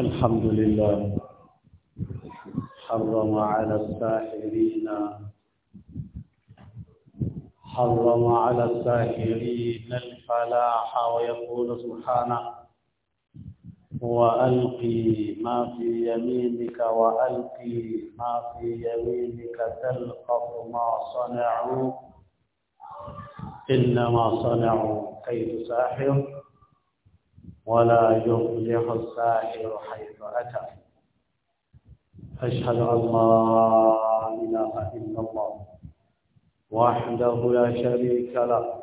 الحمد لله حرم على الساحرين حرم على الساحرين الفلاح ويقول سبحانه وألقي ما في يمينك وألقي ما في يمينك تلقف ما صنعوا إنما صنعوا كيد ساحر ولا يفلح الساحر حيث أتى أشهد أن لا إله إلا الله وحده لا شريك له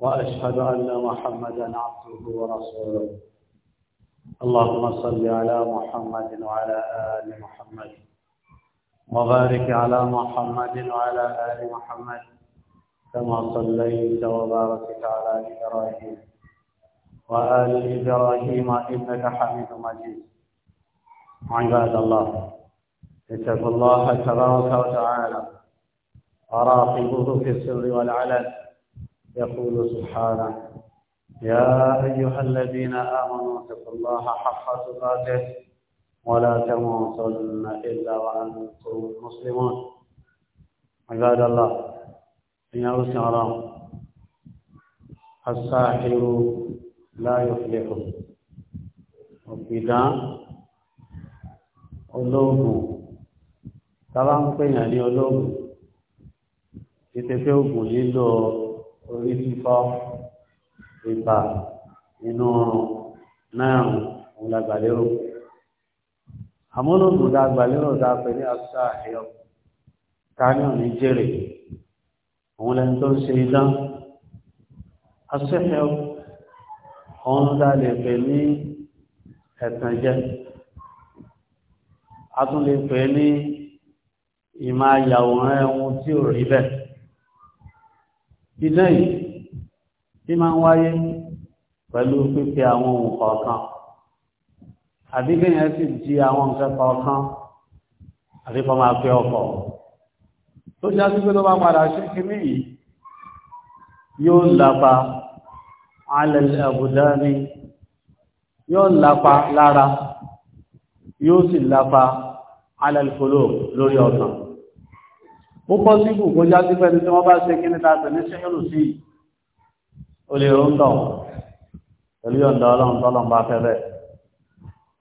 وأشهد أن محمدا عبده ورسوله اللهم صل على محمد وعلى آل محمد وبارك على محمد وعلى آل محمد كما صليت وباركت على إبراهيم وآل إبراهيم إنك حميد مجيد عباد الله اتقوا الله تبارك وتعالى وراقبوه في السر والعلن يقول سبحانه يا أيها الذين آمنوا اتقوا الله حق تقاته ولا تموتن إلا وأنتم مسلمون عباد الله إن الله الساحر láyọ̀ lẹ́kọ̀ọ́ ọ̀pìdán olóògùn tábà ń pèyàn ní olóògùn títí pé oògùn lílo orí fífọ́ ìbà inú ọrùn náà òun lágbàlérò àmúlòdùn lágbàlérò dápẹ́ ní àṣà àyọ̀ káníọ̀ ní jèrè òun lẹni tó ń ṣe idán aṣẹ́fẹ́ òun tá lè pè ní ẹ̀tànjẹ a tún lè pè ní ìmá àyàwòrán ẹ̀hún tí ò rí bẹ́ẹ̀ ìdán yìí tí máa ń wáyé pẹ̀lú pípẹ àwọn ohun kọ̀ọ̀kan àbí kéèyàn sì di àwọn nǹkan kọ̀ọ̀kan àbí kọ́ máa pẹ́ ọkọ̀ tó já pé tó bá padà ṣe kíní yìí yóò lápa alẹ́lẹ́ àbùdá ni yóò lápa lára yóò sì lápa alẹ́lẹ́kọ́lò lórí ọ̀sán ó kọ́ sí kù kó jáde pẹ́ni tí wọ́n bá ṣe kí ní tàbí ní ṣẹ́yọ́lù sí o lè rún tọ̀ pẹ̀lú ọ̀dọ̀ ọlọ́run tọ́lọ́run bá fẹ́ bẹ́ẹ̀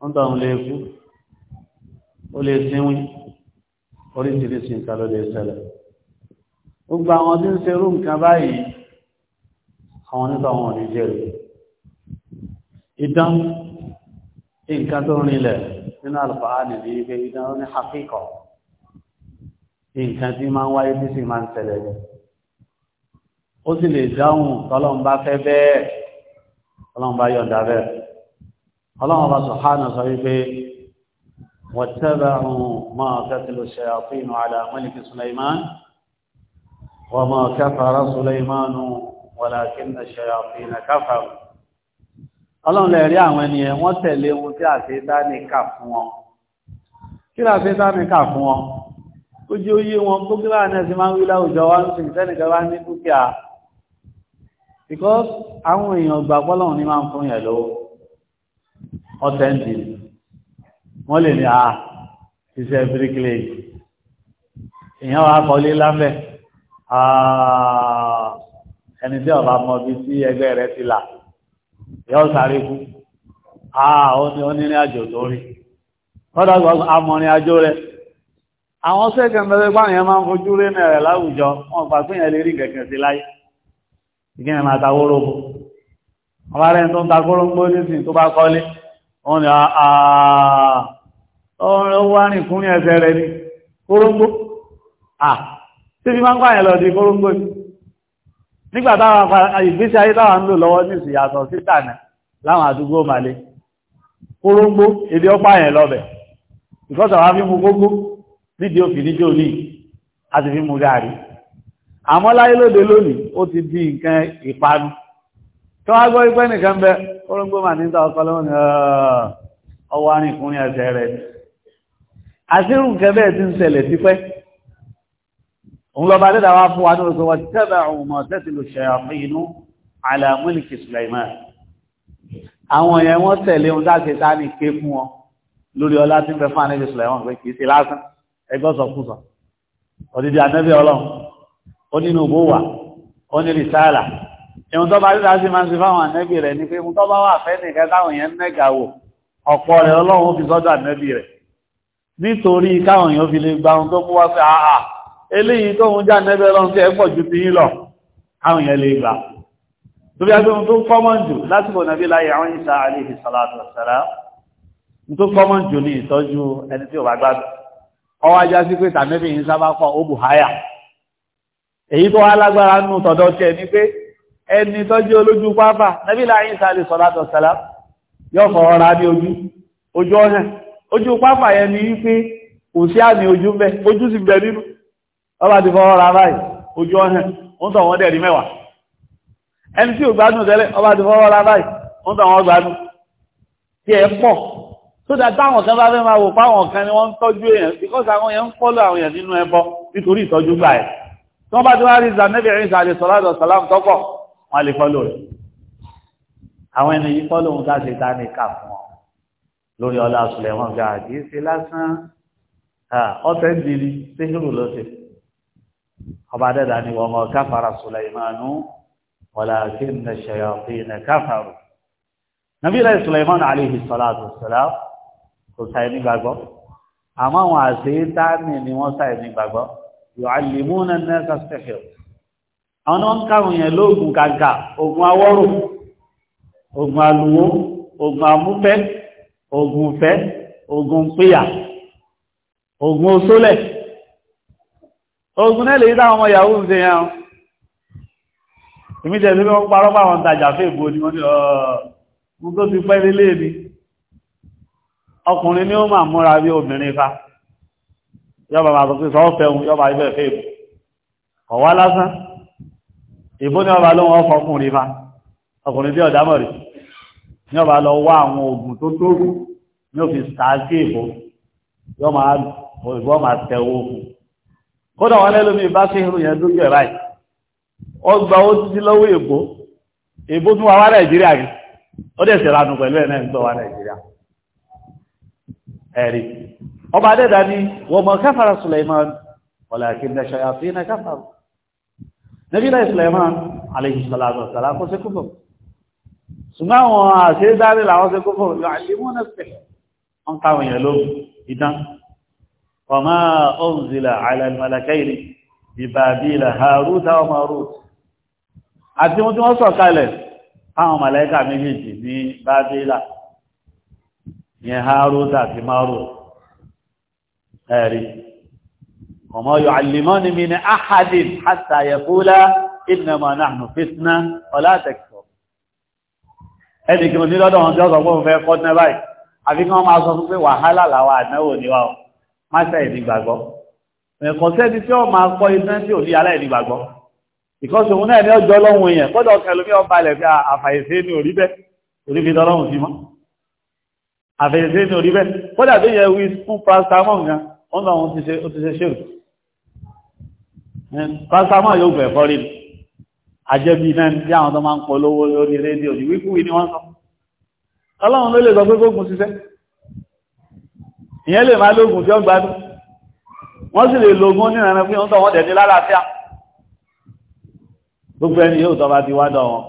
ń tọ̀ ó lè sínwín oríṣiríṣi nǹkan ló lè ṣẹlẹ̀ gbogbo àwọn tí ń ṣerú nǹkan báyìí àwọn onítọ̀ àwọn òní jẹ́rì ìdán nǹkan tó rinlẹ̀ nínú Al-Qur'ani ní ibi ìdán ní àkíkọ̀ nǹkan tí máa ń wáyé tí sì máa ń tẹ̀lẹ̀ ó sì lè dáhùn tọ́lọ́run bá fẹ́ bẹ́ẹ̀ ọlọ́run bá yọ̀ǹda bẹ́ẹ̀ ọlọ́run bá sọ̀hánà sọ wípé واتبعوا ما تتل الشياطين على ملك سليمان وما كفر سليمان walakin ash-shayatin kafaru ọlọ́run lè rí àwọn ẹni ẹ̀ wọ́n tẹ̀lé ohun tí àṣetáni kà fún wọn kí ló àṣetáni kà fún wọn ó jẹ́ oyé wọn gbogbo láàrin ẹ̀sìn máa ń wí láwùjọ wa ń sìn sẹ́nìkan wá ní dúkìá because àwọn èèyàn gbà pọ́lọ́run ní máa ń fún yẹn lówó ọ̀tẹ́ǹdì wọ́n lè ní a ah, iṣẹ́ bíríkìlẹ̀ èèyàn wà kọ́lé lábẹ́ àà ah ẹni tí ọba mọ bí sí ẹgbẹ́ rẹ ti là yọ sáré kú àà onírìn àjò tó rí kọ́dọ̀ gbọ́gbọ́ amọ̀rin àjò rẹ àwọn sẹ́kẹ̀ndẹ̀rẹ́ báyẹn máa ń fojú rí náà rẹ̀ láwùjọ wọn gbà pé yẹn lè rí kẹ̀kẹ́ sí láyé ìgbìn ẹ̀ máa ta wóró bò ọba rẹ̀ tó ń ta kóró ń gbó nísìn tó bá kọ́lé wọn ni àà ọ̀rọ̀ wá rìn kúrin ẹsẹ̀ rẹ̀ ni kóróńgbó à tí fi máa ń pààyàn lọ di kóróńgbó ni nígbà táwọn ìgbésí ayé táwọn ń lò lọ́wọ́ ní ìsìyàtọ̀ sí tànà láwọn àdúgbò màlé koróngbó èdè ọpá yẹn lọ́bẹ̀ ìkọ́sọ̀ wá fi mú gbogbo nídìí òfin níjó ní àti fi mú gààrí àmọ́ láyé lóde lónìí ó ti di nǹkan ìpanu tó wá gbọ́ ipẹ́ nìkan bẹ koróngbó mà ní ìta ọkọ̀ òun lọ bá dẹ́dà wá fún wa ní oṣù wọn tẹ́bà àwọn ọmọ tẹ́tìlù ṣẹ̀yàfún inú alamúlìkì Sulaiman àwọn èèyàn wọ́n tẹ̀lé ohun dáṣe tá ní ké fún wọn lórí ọlá tí ń bẹ fún anẹ́bí Sulaiman pé kìí ṣe lásán ẹgbọ́sọ̀ kùsọ̀ òdìdí anẹ́bí ọlọ́run ó nínú òbó wà ó ní rìsáàlà ìhun tó bá dẹ́dà sí máa ń ṣe fáwọn anẹ́bí rẹ̀ ni pé ohun tó bá wà fẹ́ nìkan táwọn èèyàn nẹ́gà eléyìí tó ń já nẹ́bẹ̀ lọ́n tí ẹ pọ̀ ju ti yín lọ àwọn èèyàn lè gbà tó bí agbóhun tó kọ́mọ̀ jù lásìkò nàbí láyé àwọn ìṣà tó jù ní ìtọ́jú ẹni tí bá gbádùn ọwọ́ ajá sí pé ó bù háyà èyí tó wá lágbára nù tọ̀dọ̀ tiẹ̀ ni pé ẹni tọ́jú olójú pápá nàbí láyé mbẹ ojú sì nínú ọba ti fọwọ́ ra báyìí ojú ọ̀hẹ́ ń tọ̀ wọ́n dẹ̀rí mẹ́wàá ẹni tí ò gbádùn tẹ́lẹ̀ ọba ti fọwọ́ ra báyìí ń tọ̀ wọ́n gbádùn tí ẹ pọ̀ tó dá táwọn kan bá fẹ́ máa wò fáwọn kan ni wọ́n ń tọ́jú èèyàn because àwọn èèyàn ń pọ́lọ̀ àwọn èèyàn nínú ẹbọ nítorí ìtọ́jú gbà ẹ̀ tí wọ́n bá ti wá rí zanẹ́bì ẹ̀rín sàlẹ̀ sọ́ládọ̀ sàlám tọ́pọ̀ wọ́n lè fọ́lọ̀ rẹ̀ àwọn ẹni yìí fọ́lọ̀ ohun tá a ní kà fún ọ lórí ọlá sùlẹ̀ wọn gbà kì í ṣe lásán ọ̀tẹ̀ ń diri ṣé yóò lọ ọba dẹ́dà ni wọ́n mọ̀ káfàrà sùlẹ̀mánú walakinna shayatina káfàrù nàbílẹ̀ sùlẹ̀mánú alayhi salatu wassalam kò sáyé nígbàgbọ́ àmọ́ àwọn àṣeétáàmì ni wọ́n sáyé nígbàgbọ́ yu'allimuna an-nasa as-sihr àwọn náà ń káwọn yẹn lóògùn ogun awọ́rò ogun aluwo ogun amúfẹ́ ogun fẹ́ ogun péyà ogun osólẹ̀ ogun náà lè yí táwọn ọmọ yahoo ń ṣe yẹn o ìmídẹ̀ tí wọ́n parọ́ pàwọn ìtajà fẹ́ ìbò ni wọ́n ni ọ̀ọ̀mùn tó ti pẹ́ nílé ni ọkùnrin ni ó máa múra bí obìnrin fa yọba máa tọ́sí sọ́ọ̀fẹ́ ohun yọba ibẹ̀ fẹ́ ìbò ọ̀wá lásán ìbò ni ọba lóhun ọkọ̀ ọkùnrin fa ọkùnrin bí ọ̀dámọ̀ rí ni ọba lọ wá àwọn oògùn tó tóru ní òfin sàákì ìbò yọ kódà wọn lẹ́lómi bá sí irun yẹn dójú ẹ̀ báyìí ọgbà ó ti lọ́wọ́ èbó èbó tún wà wá nàìjíríà rí ó dẹ̀ sẹ̀rànù pẹ̀lú ẹ̀ náà ń tọ́ wá nàìjíríà ẹ̀rí ọba adẹ́dà ni wọ́n mọ̀ káfàrà Suleiman ọ̀làkín dẹ̀ ṣayàtí iná káfàrà nàbílá Suleiman aleyhisalatu ọ̀sàlá kó sí kúfò ṣùgbọ́n àwọn àṣírí làwọn sí kúfò yóò fọmá ọ̀nzìlà àìlànìmọ̀lẹ́kẹ́yìrì ìbàbílà haruta wa marut àti wọn tí wọ́n sọ kalẹ̀ àwọn mọ̀lẹ́kà méjèèjì ní bàbílà ní haruta àti marut ẹ̀rí ọmọ yóò alìmọ́ni mi ní ahadin hatta yaqula innama nahnu fitna ọlá tẹ̀kọ̀ ẹnìkan ní lọ́dọ̀ wọn tí wọ́n sọ fún un fẹ́ kọ́ àfi kí wọ́n máa sọ fún pé wàhálà làwọn àdánwò níwáwọ̀ máṣá ìdí gbàgbọ́ ẹ̀kọ́ sẹ́ni tí ó máa kọ́ iná tí ò ní aláìní gbàgbọ́ ìkọ́sùn òun náà ní ọjọ́ lọ́hùn èèyàn kọ́dọ̀ kẹlùmí ọba ilẹ̀ fi àfàìsé ní orí bẹ́ orí fi tọ́lọ́hùn sí mọ́ àfàìsé ní orí bẹ́ kọ́dà tó yẹ wí fún paracetamol gan wọ́n lọ́wọ́n ti ṣe ṣe rù paracetamol yóò gbẹ̀ fọ́rí ni àjẹbí náà ní àwọn tó máa ń polówó lórí rédíò ní wíkúwí ni wọ́n sọ ọlọ́run ló lè sọ pé gbógun ṣiṣẹ́ ìyẹn lè máa lóògùn tí ó gbádùn wọ́n sì lè lóògùn ní ìrànà fún ìyọ́ntọ̀ wọ́n dẹ̀dẹ̀ lálàáfíà gbogbo ẹni yóò tọ́ bá ti wá dọ̀ wọn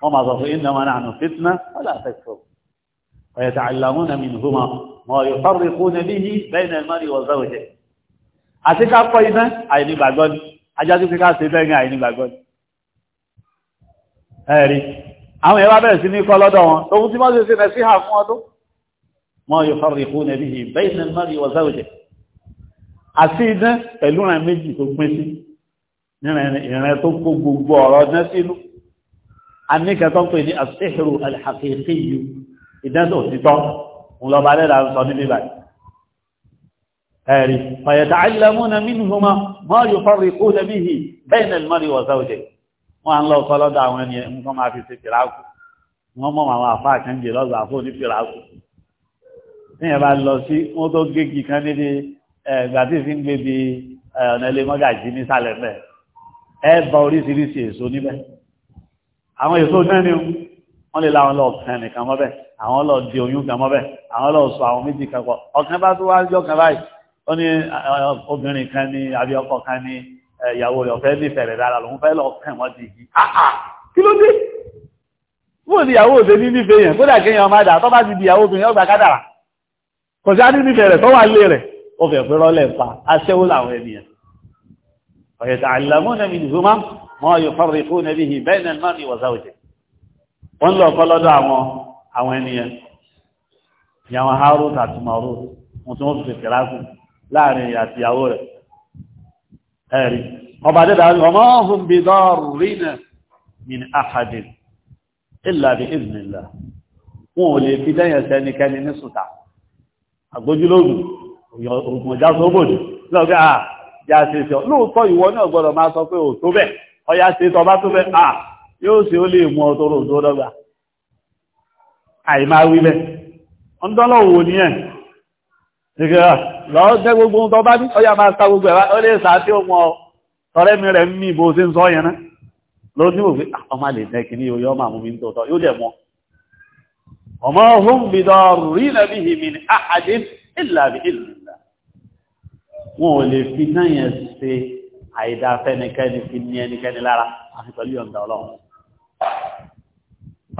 wọ́n máa sọ fún innama nahnu fitna wala takfur wa yata'allamuna minhuma ma yufarriquna bihi bayna al-mar'i wa zawjihi àti ká wọn tòun tí wọ́n ṣe ma yufarriquna bihi bayna al-mar'i wa zawjihi àti idán pẹ̀lú ìran méjì tó pín sí ìran tó kó gbogbo ọ̀rọ̀ ọdún sínú àníkà tó ń pè ní as-sihru al-haqiqi idán tó ti tọ́ ń lọ bá lẹ́dà ń sọ níbi báyìí ẹ̀rí fa yata'allamuna minhuma ma yufarriquna bihi bayna al-mar'i wa zawjihi wọ́n á ń lọ sọ lọ́dọ̀ àwọn ẹni nǹkan máa fi ṣe fìràkù wọ́n mọ̀ àwọn àfáà kan jẹ́ lọ́dọ̀ àfọ́ ní fìràkù níyẹn bá lọ sí wọ́n tó gégi kan níbi ìgbà tí fi ń gbé bi ọ̀nà ilé mọ́gàjì nísàlẹ̀ mẹ́ ẹ bá oríṣiríṣi èso níbẹ̀ àwọn èso náà ni wọ́n lè láwọn lọ kàn nìkan mọ́bẹ̀ àwọn lọ di oyún kan mọ́bẹ̀ àwọn lọ sọ àwọn méjì kan pọ̀ ọ̀kan bá tó wá jọ kan báyìí ó ní obìnrin kan ní àbí ọkọ kan ní ìyàwó rẹ̀ ọ̀fẹ́ nífẹ̀ẹ́ rẹ̀ dára lòun fẹ́ lọ kò sí adídìfẹ́ rẹ̀ tó wà lé rẹ̀ ó fẹ́ pé rọ́lẹ̀ pa aṣẹ́wó làwọn ènìyàn ọ̀yẹ̀tà àlàmúnà mi nìhúmá mọ́ yóò fọ́rọ̀ fún ẹbí hì bẹ́ẹ̀ náà ní wọ̀sá òjè wọ́n lọ kọ́ lọ́dọ̀ àwọn àwọn ènìyàn ní àwọn harrods àti maroons wọ́n tún wọ́n àgbójúlógún ògùnmọ̀já sóbòdì lọ́gbẹ́ à já ah, ṣe ṣe lóòótọ́ ìwọ náà gbọ́dọ̀ máa sọ pé ò tó ọya ṣe tọ́ bá tó bẹ́ẹ̀ à ah, yóò ṣe ó lè mú ọtọrọ òdó dọ́gba àìmá wí bẹ́ẹ̀ ọ̀ndọ́lọ̀ wò ẹ̀ ṣìkẹ́ ah, lọ gbogbo ohun tó bá ní ọya máa sa gbogbo ẹ̀wá ó lè sá tí ó mọ ọ̀rẹ́ mi rẹ̀ ń mí bó ṣe ń sọ yẹn náà ló ní ọmọ وما هم bìdọ̀rí به من àhàdé ìlàbí ìlúlá wọn ò lè fi náà yẹn ṣe àìdá fẹ́nikẹ́ni fi ní ẹnikẹ́ni lára àti pẹ̀lú ọ̀dà ọlọ́run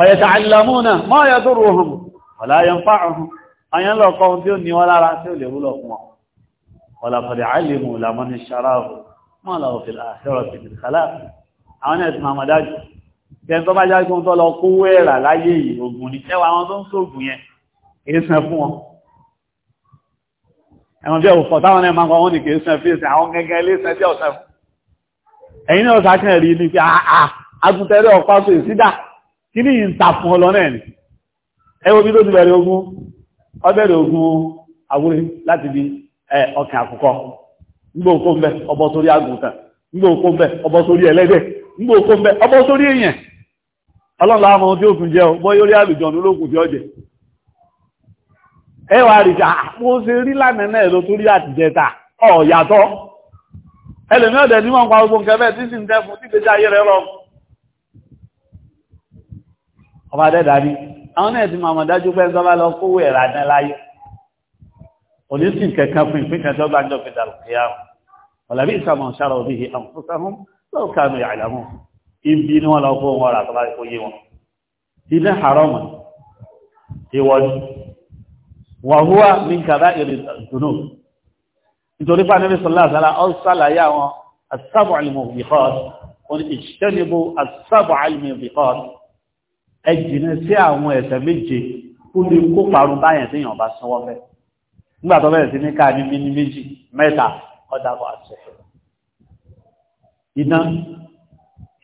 ọ̀yẹ̀tà àìlàmúnà mọ́ ọ̀yẹ̀ tó rò hùn ọ̀láyẹ̀ ń fà ọ̀hún àyẹ̀ ń lọ kọ́ ohun tí ó ní wọn lára tí ó lè wúlò fún wọn tẹ́ni tó bá já gbọ́n tó lọ kówó ẹ̀rà láyé yìí ogun ní ẹwà àwọn tó ń sóògùn yẹn kìí san fún wọn ẹ̀wọ̀n bí ọ̀fọ̀ táwọn ẹ̀mà kan wọ́n ní kìí san fíìsì àwọn gẹ́gẹ́ lé san tí ọ̀sẹ̀ fún ẹ̀yìn náà sàkẹ́ rí ní pé àgùntẹ́rẹ́ ah, ah, ọ̀pá tó ìsídà kí ní ìta fún ọ lọ́nà ẹ̀ni ẹwọ bí tó ti bẹ̀rẹ̀ ogun ó bẹ̀rẹ̀ ogun àwúrí láti bí ọkàn àkùkọ nígbà òkú ń bẹ ọbọ sórí àgùntàn nígbà òkú ń bẹ ọbọ sórí ẹlẹ́dẹ̀ nígbà òkú ń bẹ ọbọ sórí èèyàn ọlọ́la àmọ́ tí ó kùn jẹ́ bọ́ yóò rí àlùjọ̀nù olókùn tí ó jẹ ẹwà àrìjà ah, mo ṣe rí lánàá náà tó rí àtìjẹta ọ̀yàtọ̀ ẹlẹ̀mí ní wọ́n pa gbogbo nǹkan tí sì ń tí ayé ọba dẹ́dà àwọn náà ti máa mọ̀ dájú pé lọ ibi ni wọ́n lọ fún wọn rà tó bá kó yé wọn ilé haram ìwọ̀n wàhúwà ní kàdá ìrìn ìdùnnú nítorí pé anábì sọlá àsálà ọ sàlàyé àwọn asábọ̀ àlùmọ̀ bìkọ́ wọn ni ìṣẹ́nibó asábọ̀ àlùmọ̀ bìkọ́ ẹ jìnnà sí àwọn ẹ̀ṣẹ̀ méje kó lè kó parun báyẹn tí yàn bá sanwó fẹ́ nígbà tó bẹ̀rẹ̀ sí ní ká ní méjì mẹ́ta ọ̀dàbọ̀ àṣẹ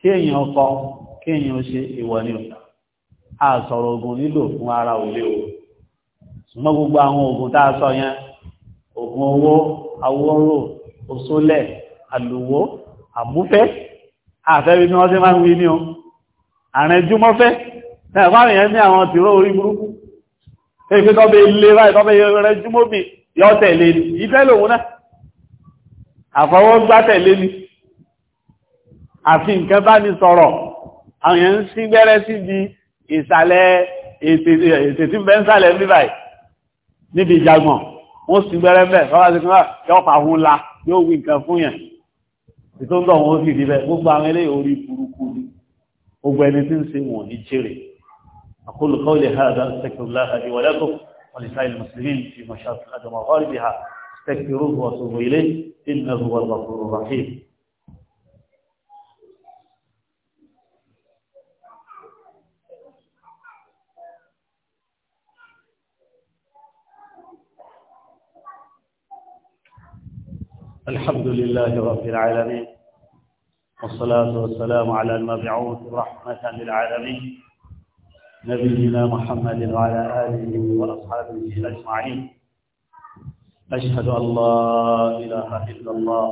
kí èèyàn kọ kí èèyàn ṣe ìwọ ni ò a sọ̀rọ̀ oògùn lílò fún ara òlé o ṣùgbọ́n gbogbo àwọn oògùn tá a sọ yẹn oògùn owó awóró òṣólẹ̀ àlùwó àmúfẹ́ àfẹ́rí ni wọ́n ti máa ń wí ní o àrùn ìjúmọ́fẹ́ náà fáwọn èèyàn ní àwọn tìró orí burúkú pé tó bẹ ilé báyìí tó bẹ rẹ júmọ́bì yọ tẹ̀lé ni ìfẹ́ lòun náà àfọwọ́gbá tẹ̀lé ni àfi nǹkan bá ní sọ̀rọ̀ àwọn èèyàn ń sí gbẹ́rẹ́ sí di ìsàlẹ̀ ètè tí bẹ́ ń sàlẹ̀ ní báyìí níbi ìjagbọ̀n wọ́n sì gbẹ́rẹ́ bẹ́ẹ̀ sọ́wọ́ sí kan yọ́pàá hún la yóò wí nǹkan fún yẹn ètò ń dọ̀wọ́n ó sì rí bẹ́ẹ̀ gbogbo àwọn eléyìí orí burúkú ni gbogbo ẹni tí ń ṣe wọ̀n ní jèrè أقول قولي هذا أستغفر الله لي ولكم ولسائر المسلمين في مشاكل المغاربها استغفروه وأتوبوا إليه إنه هو الغفور الرحيم الحمد لله رب العالمين والصلاة والسلام على المبعوث رحمة للعالمين نبينا محمد وعلى آله وأصحابه أجمعين أشهد أن لا إله إلا الله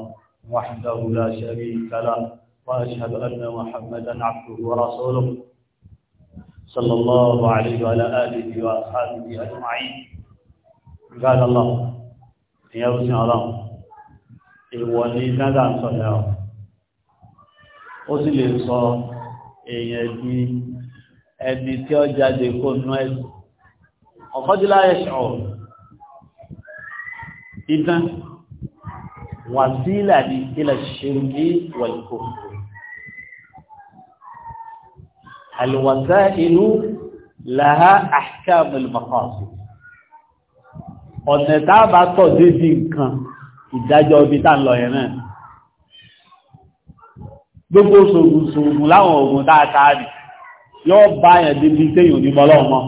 وحده لا شريك له وأشهد أن محمدا عبده ورسوله صلى الله عليه وعلى آله وأصحابه أجمعين قال الله يا رسول الله ìwọ ni dáadáa ń sọ yà ọ́ ó sì lè sọ èèyàn di ẹni tí ó jáde kó nú ẹ̀sùn ọ̀kọ́dúnlá ẹ̀ṣọ́ ìdán wàsílà ní ilẹ̀ ṣerúgí wàlùkò alwasailu laha ahkamul maqasid ọ̀nà tá a bá tọ̀ débi nǹkan ìdájọ́ ibi tá ń lọ yẹn náà gbogbo ṣògùn ṣògùn láwọn oògùn dáadáa nì yóò bá yẹn débi téèyàn ní bọ́lọ́run mọ́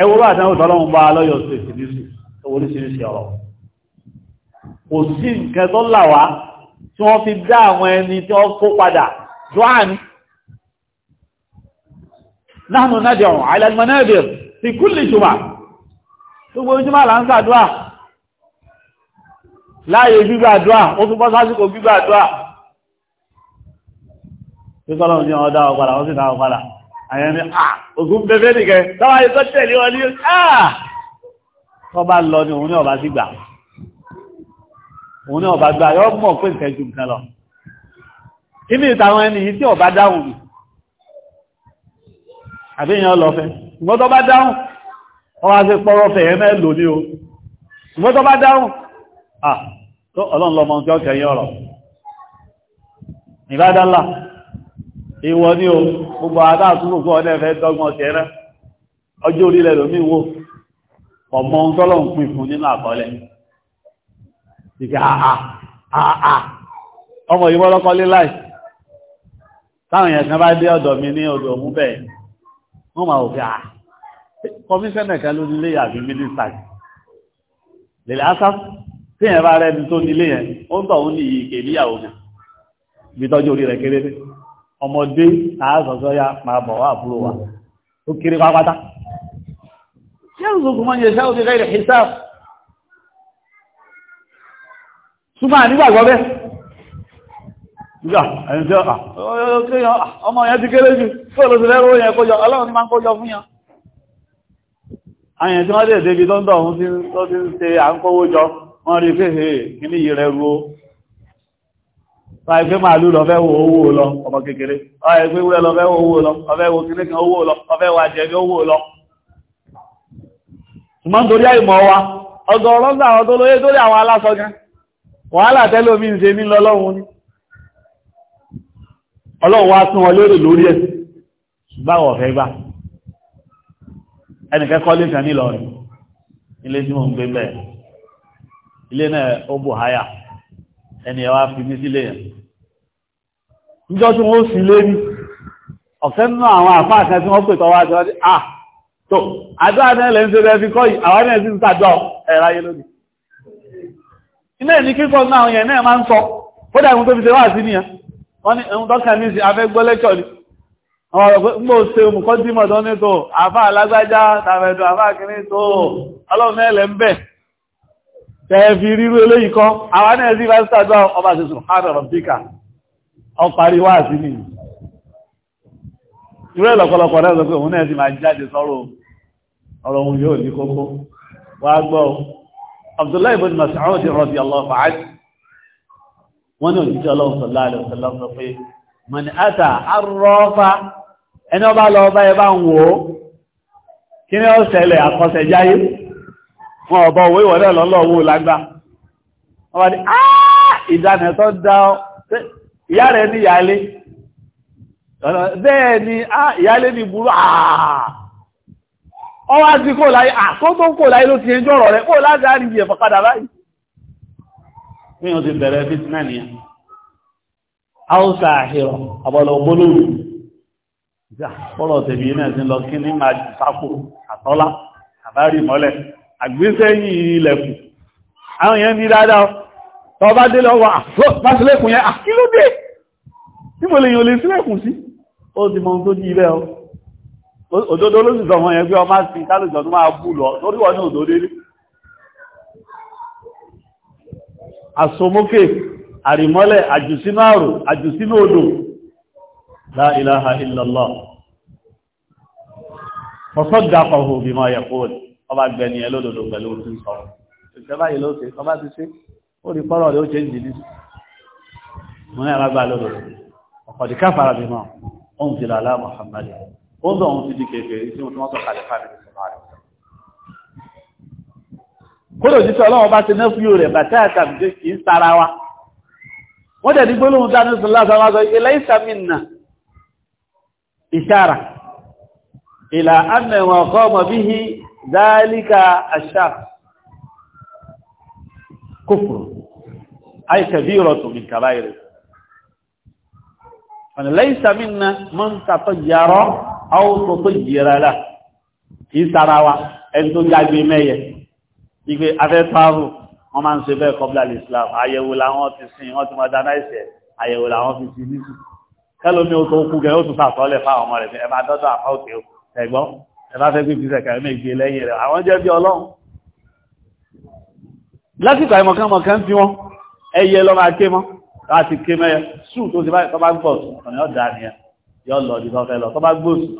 ẹwúrú àtẹ́wò tọ́lọ́run bá lọ́yọ̀ ṣèṣì níṣù oríṣiríṣi ọ̀rọ̀ kò sí nǹkan tó là wá tí wọ́n fi dá àwọn ẹni gbogbo ojúmọ́ là ń láàyè gbígbàdúà ó tún bọ́ sásìkò gbígbàdúà tí kọ́lọ̀ ní ọdá ọ̀padà wọ́n sì dá ọ̀padà àyẹni ògùn bẹ́bẹ́ nìkẹ́ táwàyé tó tẹ̀lé wọn ní ọba lọ ní òun ní ọba sí gbà òun ní ọba gbà yọ mọ̀ pé nǹkan ju nǹkan lọ kí ni ìtàwọn ẹni yìí tí ọba dáhùn ni àbí èèyàn lọ fẹ́ ṣùgbọ́n tó bá dáhùn ọwọ́ àti pọ́rọ́ fẹ̀yẹ́ mẹ́ o ṣùgbọ́n ah tó ọlọ́run lọ́mọ tí ó kẹyìn ọ̀rọ̀ ìbádálà ìwọ ní o gbogbo adáàtúrò fún ọdẹ fẹ́ dọ́gbọ́n tẹ́rẹ́ ọjọ́ orílẹ̀ lómi wo ọmọ ohun tọ́lọ̀ ń pín fún nínú àkọọ́lẹ̀ ìgbà àà àà ọmọ ìwọ́ lọ́kọ́lé láì táwọn èèyàn kan bá dé ọ̀dọ̀ mi ní odò òun bẹ́ẹ̀ tí yẹn bá rẹni tó nílé yẹn ó ń tọ̀hún ní ìyíkè níyàwó mi bí tọ́jú orí rẹ̀ kéré ọmọdé àásọ̀sọ́ ya máa bọ̀ wá àbúrò wa ó kéré pápátá yẹ́rùsùnkùn mọ́ yẹ ṣáwọ́ ti rẹ̀ hisab súnmọ́ ànígbàgbọ́ bẹ́ ah, ọmọ yẹn ti kéré jù tó ni máa ń kójọ fún yẹn àyẹ̀tí wọ́n dẹ̀ wọ́n rí pé hẹ̀ kìíní yìí rẹ̀ ru ó láì pé màálù lọ fẹ́ wo owó lọ ọmọ kékeré láì pé wúrẹ́ lọ fẹ́ wo owó lọ ọfẹ́ wo kìíní kan owó lọ ọfẹ́ wo àjẹbí owó lọ ṣùgbọ́n torí àìmọ̀ wa ọgọ́rọ̀ ń àwọn tó lóyé torí àwọn aláṣọ gan wàhálà tẹ́lẹ̀ omi ń ṣe ní lọ́lọ́run ní ọlọ́run wá tún wọn lérè lórí ẹ̀ báwọ̀ ilé tí mo ń gbé bẹ́ẹ̀ ilé náà ó bò háyà ẹni ẹwà fi mí sílé yẹn níjọ́ tí wọ́n sì lé ní ọ̀fẹ́ nínú àwọn àfáà tí wọ́n pè tọwọ́ àti wájú ah tó àdúrà náà lẹ́yìn tó bẹ́ẹ̀ fi kọ́ yìí àwọn náà sì ń tàdọ̀ ẹ̀rọ ayé lónìí iná ìní kíkọ́ náà yẹn náà máa ń sọ ó dà ìwọ̀n tó fi ṣe wá sí nìyẹn wọ́n ní ẹ̀hún dọ́kà ní ìsìn afẹ́ gbọ́lẹ́kọ̀ ni mo ṣe òmùkọ́ dímọ̀ tó ní tó àfáà lágbájá tàbẹ̀dù àfáà kìíní tó ọlọ́run náà lẹ́ tẹ́ẹ̀fì rírú eléyìí kọ́ àwọn náà sí fásitì àjọ ọba ṣe sùhánà rọ̀bíkà ọparí wá sí ní ìwé ìlọ̀pọ̀lọpọ̀ náà sọ pé òun náà sì máa jáde sọ́rọ̀ ọ̀rọ̀ òun yóò ní kókó wá gbọ́ Abdullahi ibn Mas'ud radiyallahu anhu wọ́n ní òjíṣẹ́ ọlọ́run sallallahu ẹni ọba lọ bá ẹ ń wò kí ni ó ṣẹlẹ̀ àkọsẹ̀jáyé wọn ọ̀bọ̀ owó ìwọ̀lẹ́ lọ́lọ́wọ́ lágbá wọ́n ni àà ìdánẹ̀ tó dá ọ ìyá rẹ̀ ní ìyálé bẹ́ẹ̀ ni ìyálé ní burú àà ọwá sí kó láyé àkótó kó láyé ló ti ẹjọ́ ọ̀rọ̀ rẹ̀ kó láti àríyí ẹ̀fọ́ padà Àbárí mọ́lẹ̀ àgbésẹ́yìn ilẹ̀kùn àwọn èèyàn ní dáadáa tọ́ bá dé lọ́wọ́ àfọ́sílẹ̀kùn ah, yẹn àkílódé ah, tí mo lè yàn lè sílẹ̀kùn sí ó ti mọ ohun tó jí ilẹ̀ ọ òdodo ló sì sọmọ yẹn pé ọmọ sí kálùjọ tó máa bú lọ lórí wọn ní òdodo rí àsomókè àrìmọ́lẹ̀ àjùsínú àrò àjùsínú odò la ilaha illallah فصدقه بما يقول ọba gbẹni ẹ lódodo pẹ̀lú ojú sọ ìṣẹ́ báyìí ló ṣe ọba ti ṣe ó rí fọ́rọ̀ rẹ̀ ó ṣe ń dìdí mo ní àlágbà lódodo ọ̀kọ̀dì káfàrà bímọ ó ń tilà alá Muhammad ó ń bọ̀ òun ti di kékeré tí wọ́n tó kàlẹ̀ fáwọn ẹni sọ̀rọ̀ rẹ̀ kódò jíṣẹ́ ọlọ́wọ́ bá ti nẹ́fúyò rẹ̀ bàtẹ́ àtàbíjẹ́ kì í sara wa wọ́n dẹ̀ ní gbólóhùn dání sọ̀rọ̀ láti àwọn àgbẹ̀ ìsàmìnà ìṣàrà ìlà àmẹ̀wọ̀n ọkọ̀ ọmọ bíi ذلك الشخص كفر أي كبيرة من كبائر ليس منا من تطير أو تطير له في سراوة أنتم جاجي مية يقول أفيت فارو وما نسيبه قبل الإسلام àyẹ̀wò làwọn ti sin wọ́n ti modernize àyẹ̀wò làwọn fi sí nísì kẹ́lómi ó tó kú gẹ́ ó tún sàtọ́lẹ̀ fáwọn ọmọ rẹ̀ ẹ máa dọ́dọ̀ àpá òkè ẹ̀gbọ́n ẹ̀bá fẹ́ gbé ìgbésẹ̀ kàrí méjì lẹ́yìn rẹ̀ àwọn jẹ́ bí ọlọ́run lásìkò àìmọ̀kánmọ̀kán tí wọ́n ẹyẹ lọ máa ké mọ́ láti ké mẹ́yẹ sùn tó ti báyìí tọ́ bá gbọ́ sùn ọ̀nà ọ̀dà ni ẹ yọ lọ ibi tọ́fẹ́ lọ tọ́ bá gbọ́ sùn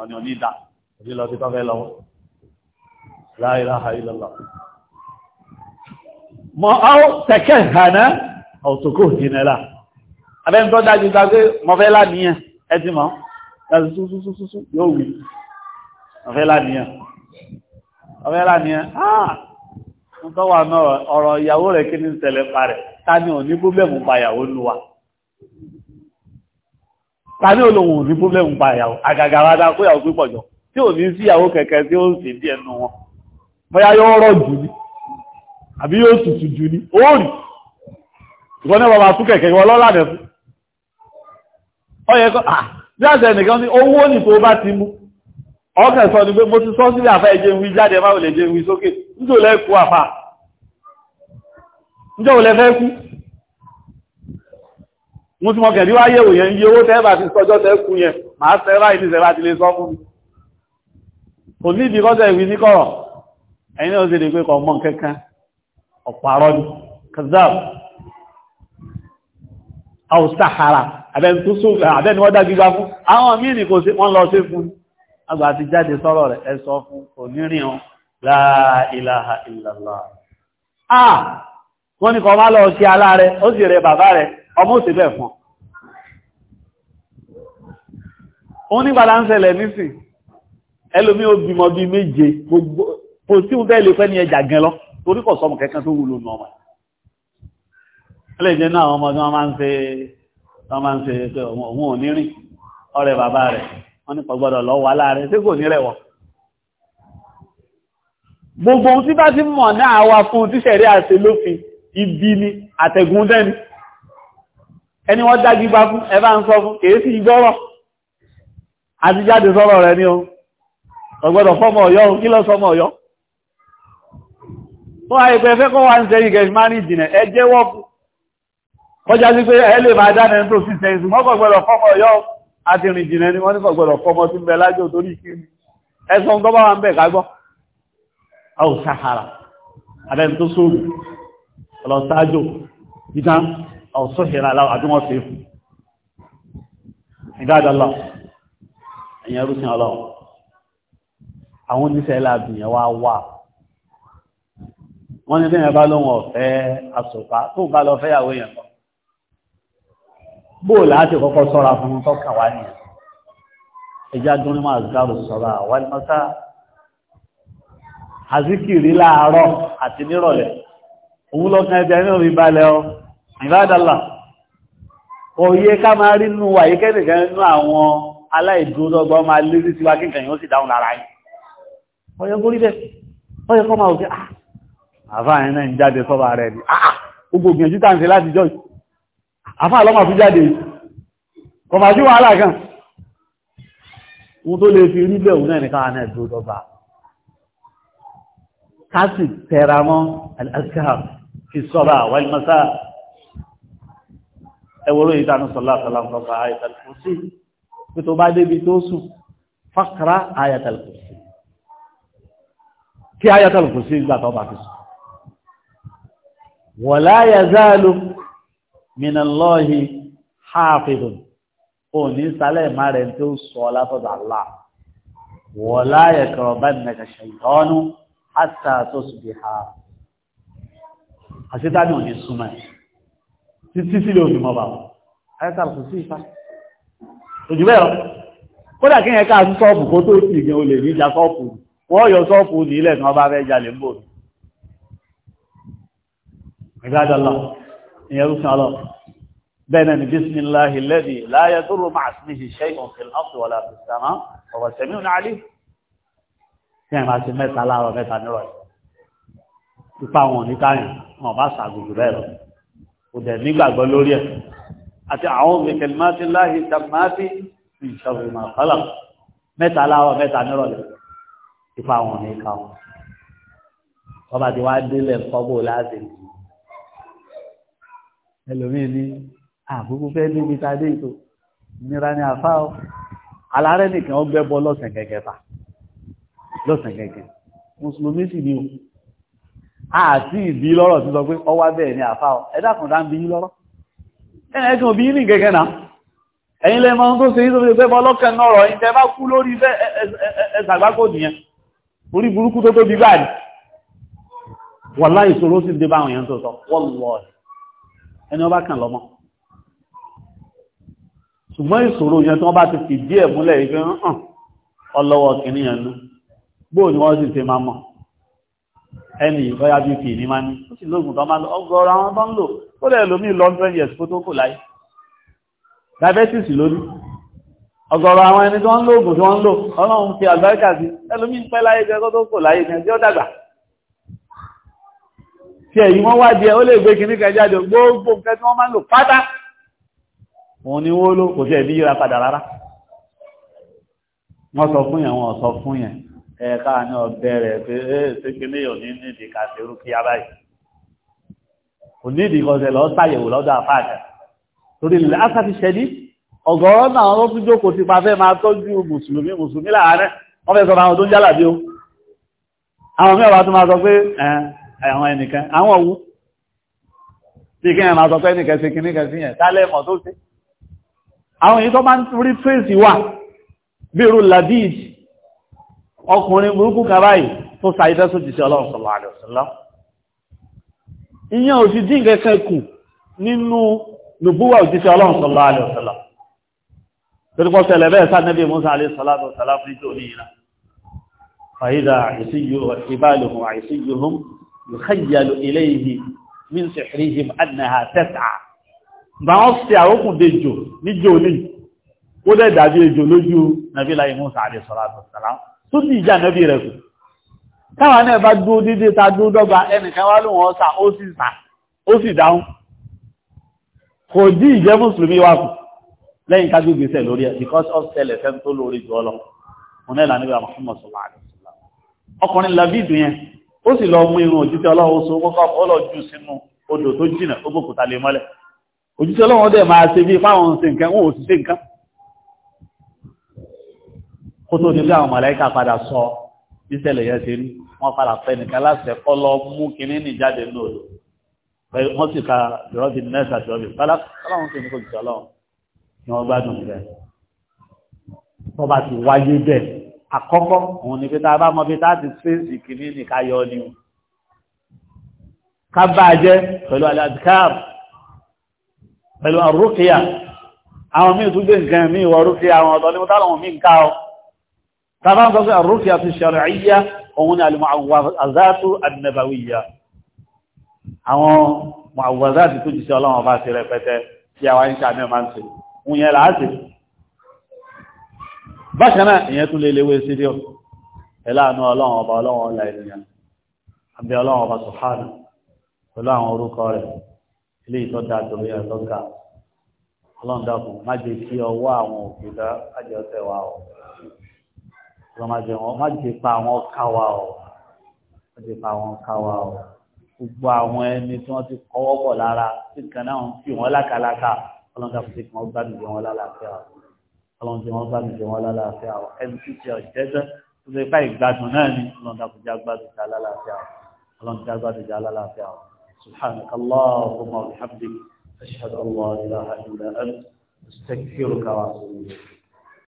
ọ̀fẹ́ lánìyàn ọ̀fẹ́ lánìyàn ah ń tọ́wà náà ọ̀rọ̀ ìyàwó rẹ̀ kí ní ṣẹlẹ̀ pa rẹ̀ ta ni ò ní púpẹ̀mù pa ìyàwó ní wa ta ni olóhun ò ní púpẹ̀mù pa ìyàwó àgàgà wa dá kó ìyàwó pípọ̀ jọ tí ò ní sí ìyàwó kẹ̀kẹ́ tí ó ń sì díẹ̀ nù wọn bóyá yóò rọ̀ jù ní àbí yóò tutù jù ní oòrì ìwọ́n ní bàbá fún kẹ̀kẹ́ ìwọ́n lọ́lànà fún ọyẹ kọ́ ah àṣẹ nìkan ní owó nìkan bá ti mú ọkàn sọ ni pé mo ti sọ sílẹ̀ àfá ẹjẹ́ wí jáde máa lè jẹ́ wí sókè níjò lẹ́kú àfá níjò lẹ́ fẹ́ kú mo ti mọ kẹ̀rí wá yẹ̀wò yẹn iye owó tẹ́ẹ̀bà ti sọjọ́ tẹ́ẹ̀kú yẹn máa sẹ́rà ìdí sẹ́rà ti lè sọ fún mi kò ní ìdí kọ́sẹ̀ ìwí ní kọ̀rọ̀ ẹ̀yìn náà sì lè pé kọ̀ mọ́ kankan ni kazab àwòsàhàrà àbẹ́ni àwọn míì kò sí wọ́n lọ sí fún mi àgbà ti jáde sọ́rọ̀ rẹ̀ ẹ sọ fún onírin ọ la ilaha illallah ah wọ́n ní kọ má lọ sí aláàrẹ ó sì rẹ bàbá rẹ̀ ọmọ òsì bẹ̀ fún ọ ní bàdá ń ṣẹlẹ̀ nísìn ẹlòmí ó bímọ bí méje gbogbo kò tí ó bẹ́ẹ̀ lè fẹ́ ní ẹjà gan lọ torí kọ̀ sọmọ kẹ́kẹ́ tó wúlò nù ẹlẹ́jẹ́ náà ọmọ tí wọ́n máa ń ṣe ọmọ òun ò bàbá rẹ̀ wọ́n ní pọ̀gbọ́dọ̀ lọ wà láàrin tí kò ní rẹ̀wọ̀ gbogbo ohun tí bá ti mọ̀ náà wà fún tíṣẹ̀rí àṣẹ lófin ibi ni àtẹ̀gùn dẹ́ni ẹni wọ́n dájú bá fún ẹbá ń sọ fún kèé sí igbọ́rọ̀ àti jáde sọ́rọ̀ rẹ̀ ní o ọ̀gbọ́dọ̀ fọ́mọ ọ̀yọ́ kí lọ sọmọ ọ̀yọ́ fún àìpẹ́ fẹ́ kọ́ wá ń sẹ́yìn gẹ̀ẹ́sìmánì ìjìnà ẹ jẹ́wọ́ kọjá sí pé ẹ lè ọ̀yọ́ àti rìn jìnà ni wọ́n ní fọ̀gbọ̀dọ̀ fọmọ tí ń bẹ lájò torí ìkíni ẹ̀sán gọ́bà wà ń bẹ̀ kágbọ́ ọ̀ sàhàrà àdẹ́ni tó sóòrù ọlọ́sájò ìdá ọ̀sọ́hìrà aláwọ̀ àti wọ́n fi fún ìdádọ́lọ́ ẹ̀yẹn rúsìn ọlọ́wọ̀ àwọn oníṣẹ́ láàbìyàn wá wà wọ́n ní bóò láti kọ́kọ́ sọ́ra fún tọ́kà wá ní ẹjá dún ní máa zùkárù sọ́ra wà ní mọ́sá àzíkìrí láàárọ̀ àti nírọ̀lẹ́ òun lọ́kàn ẹgbẹ́ ní orí balẹ̀ ọ ìbádàlà òye ká máa rí nú wà yíkẹ́ nìkan nínú àwọn aláìdúródọ́gbọ́n máa lérí sí wa kíkàn yóò sì dáhùn lára yìí ọyọ́ górí bẹ́ẹ̀ ọyọ́ kọ́ máa wò sí ah, àfáà yẹn náà ń jáde sọ́ba rẹ̀ ni ah, ah, gbogbo ògbìyànjú tàǹsẹ̀ láti jọ́yìí àfá àlọ́mà fi jáde kọfàájú wàhálà kan wọ́n tó lè fi rí bẹ̀rù náà nìkan àná ẹ̀dùn dọ́gba kásì tẹ̀ra mọ́ al-azkar fi sọ́ra wal masa ẹwọ́rọ̀ ìdánù sọ́lá sọ́lá ayatul kursi pé tó bá débi tó sùn faqra minalọ́hì hafidun ò ní sálẹ̀ má rẹ̀ tó sọ látọ̀dọ̀ àlá wọ́n láyẹ̀ kọ̀rọ̀ bá nìkan ṣèyọ́nù àtà tó sì bí ha àṣetánì ò ní súnmọ́ ẹ̀ títí sílẹ̀ òfin mọ́ bàbá ayẹ́ta kò sí ìfà òjò bẹ́ẹ̀ ìgbádọ́lọ́ ìyẹn rúfin ọlọ́ bẹ́ẹ̀ náà ni bísmìláhì lẹ́bi láyé dúró máa sí ní ṣe ìkọ̀fẹ́ ọ̀sùn wọlé àfẹ́sàmá ọ̀rọ̀ sẹ́mi ní alẹ́ tí ẹ̀ máa ti mẹ́ta láàárọ̀ mẹ́ta nírọ̀ ipa wọn ò ní káyàn wọn ò bá ṣàgùgù bẹ́ẹ̀ lọ kò dẹ̀ nígbàgbọ́ lórí ẹ̀ àti àwọn òmìnkẹ̀lì máa ti láhì dàmáàtì ní ìmọ̀ àkọ́là mẹ́ta láàárọ̀ mẹ́ta nírọ̀ ipa wọn ní káwọn ọba ti wá délẹ̀ kọ́bọ̀ láti ẹlòmíì ní àbúkú fẹ́ níbi tá a dé ètò ìnira ni àfa ọ alárẹ́ nìkan ó gbẹ́bọ lọ́sẹ̀ kẹ̀kẹ́ ta lọ́sẹ̀ kẹ̀kẹ́ mùsùlùmí sì ni o àti ìbí lọ́rọ̀ tí sọ pé ọwá bẹ́ẹ̀ ni àfa ọ ẹ̀dá kan dá ń bí lọ́rọ̀ ẹ̀ẹ́dùn òbí ní gẹ́gẹ́ náà ẹ̀yin lẹ mọ́ tó ṣe ìsọ́fẹ́ fẹ́ bọ́lọ́kẹ́ náà rọ̀ ìtẹ́ bá kú lórí ẹ̀sàgbákò nìyẹn orí burúkú tó tóbi báyìí wọ́n láì ṣòro sí dé báwọn èèyàn tó sọ wọ́n lọ́ọ̀rẹ̀ ẹni wọ́n bá kàn lọ́mọ ṣùgbọ́n ìṣòro yẹn tí wọ́n bá ti fi díẹ̀ múlẹ̀ yìí fẹ́ hàn ọlọ́wọ́ kìíní yẹn nú gbóò ni wọ́n sì ṣe máa mọ̀ ẹni ìfọ́yá bí fi ní máa ní ó sì lóògùn tó máa lọ ọgọ́rọ̀ àwọn tó ń lò ó lẹ̀ lómi lọ́ndrẹ́n yẹ̀sì kó tó kò láyé diabetes lóní ọgọ́rọ̀ àwọn ẹni tó ń lóògùn tó ń lò ọlọ́run fi àgbáríkà sí ẹlòmí ń pẹ́ láyé jẹ́ kó tó kò láyé ní ẹjọ́ dàgbà tí ẹ̀yìn wọ́n wá di ẹ ó lè gbé kìíní kan jáde gbogbo nǹkan tí wọ́n máa ń lò pátá wọn ni wó ló kò sí ẹ̀bí yíra padà rárá wọ́n sọ fún yẹn wọ́n sọ fún yẹn ẹ̀ka ní ọbẹ̀ rẹ̀ pé ṣé kìíní yóò ní nídìí ká ṣe rú kíá báyìí kò nídìí kan ṣe lọ ṣàyẹ̀wò lọ́dọ̀ àfáàjà torí ilẹ̀ asáfi ṣẹdí ọ̀gọ̀rọ̀ náà àwọn àwọn ẹnìkan àwọn òwú tí kí ẹ̀mà sọ pé ẹnìkan sí kìníkan sí yẹn tálẹ̀ mọ̀ tó sí àwọn èyí tó bá ń rí tracy wà bí irú ladid ọkùnrin burúkú kan báyìí tó sàídẹ́ sójì sí ọlọ́run sallallahu alaihi wasallam ìyẹn ò sì dín kẹ́kẹ́ kù nínú nùbúwà òjíṣẹ́ ọlọ́run sallallahu alaihi wasallam torí pọ́ yùkẹ́yàlù iléyìí min sihrihim annaha tas'a bá wọ́n fi àwọ́kùn dé jò ní jò ní ó dẹ̀ dàbí ejò lójú nàbí láyé Mùsá alayhi salatu wassalam tó sì ìjà nàbí rẹ̀ kù táwọn náà bá dúó dídé because of tẹlẹ̀ fẹ́ tó lórí jù ọ lọ òun náà lànà bí wà ọkùnrin labidu yẹn ó sì lọ mú irun òjíṣẹ́ ọlọ́run oṣù kọ́kọ́ ọlọ́jú sínú odò tó jìnà ó gbòkúta lè mọ́lẹ̀ òjíṣẹ́ ọlọ́run dẹ̀ máa ṣe bí fáwọn ń ṣe nǹkan wọn ò sì ṣe nǹkan kó tó ní bí àwọn màláíkà padà sọ ìṣẹ̀lẹ̀ yẹn ṣe rí wọ́n padà fẹ́ nìkan láti ẹ̀kọ́ lọ mú kinní nì jáde ní odò wọ́n sì ka ìrọ́bì nẹ́ẹ̀sì àti ìrọ́bì ọlọ́run sì ní àkọ́kọ́ òun ni pété abá mọ́ pété àti fèsì kìíní ní ká yọ ni o ká bá jẹ́ pẹ̀lú aladikar pẹ̀lú arúkìá àwọn míì tún gbé nǹkan míì wọ arúkìá àwọn ọ̀dọ́ ni mo tálọ̀ míì ká ọ tàbá ń sọ pé arúkìá ti ṣàrìyá òun ni almu'awwazatu àwọn mu'awwazatu tó àwọn bákanáà ìyẹn tún lè léwé sídíò ẹláàánú ọlọ́run ọba ọlọ́run ọlá ènìyàn àbí ọlọ́run ọba sọ̀hánà pẹ̀lú àwọn orúkọ rẹ̀ ilé ìtọ́dá torí ẹ̀lọ́gà ọlọ́run dákun má jẹ́ kí ọwọ́ àwọn òkèdá májẹ́ ọ̀tẹ̀ wa ọ̀ má jẹ́ pa àwọn ọkà wa ọ̀ má jẹ́ pa àwọn ọkà wa ọ̀ gbogbo àwọn ẹni tí wọ́n ti kọ́wọ́ bọ̀ lára tí kan náà fi wọ́n lákàlákà ọlọ́run dákun ti kàn gbádùn wọn lálàáfíà ọ̀ ọlọ́run tí wọ́n bá mi jẹ wọ́n lálàáfíà ọ̀ ẹni tí ti ọ̀jẹ́jẹ́ tó ṣe fà ìgbádùn náà ni ọlọ́run dàkú já gbádùn já lálàáfíà ọ̀ ọlọ́run já gbádùn já lálàáfíà ọ̀ subhanaka allahumma wa bihamdik ashhadu an ilaha illa anta astaghfiruka wa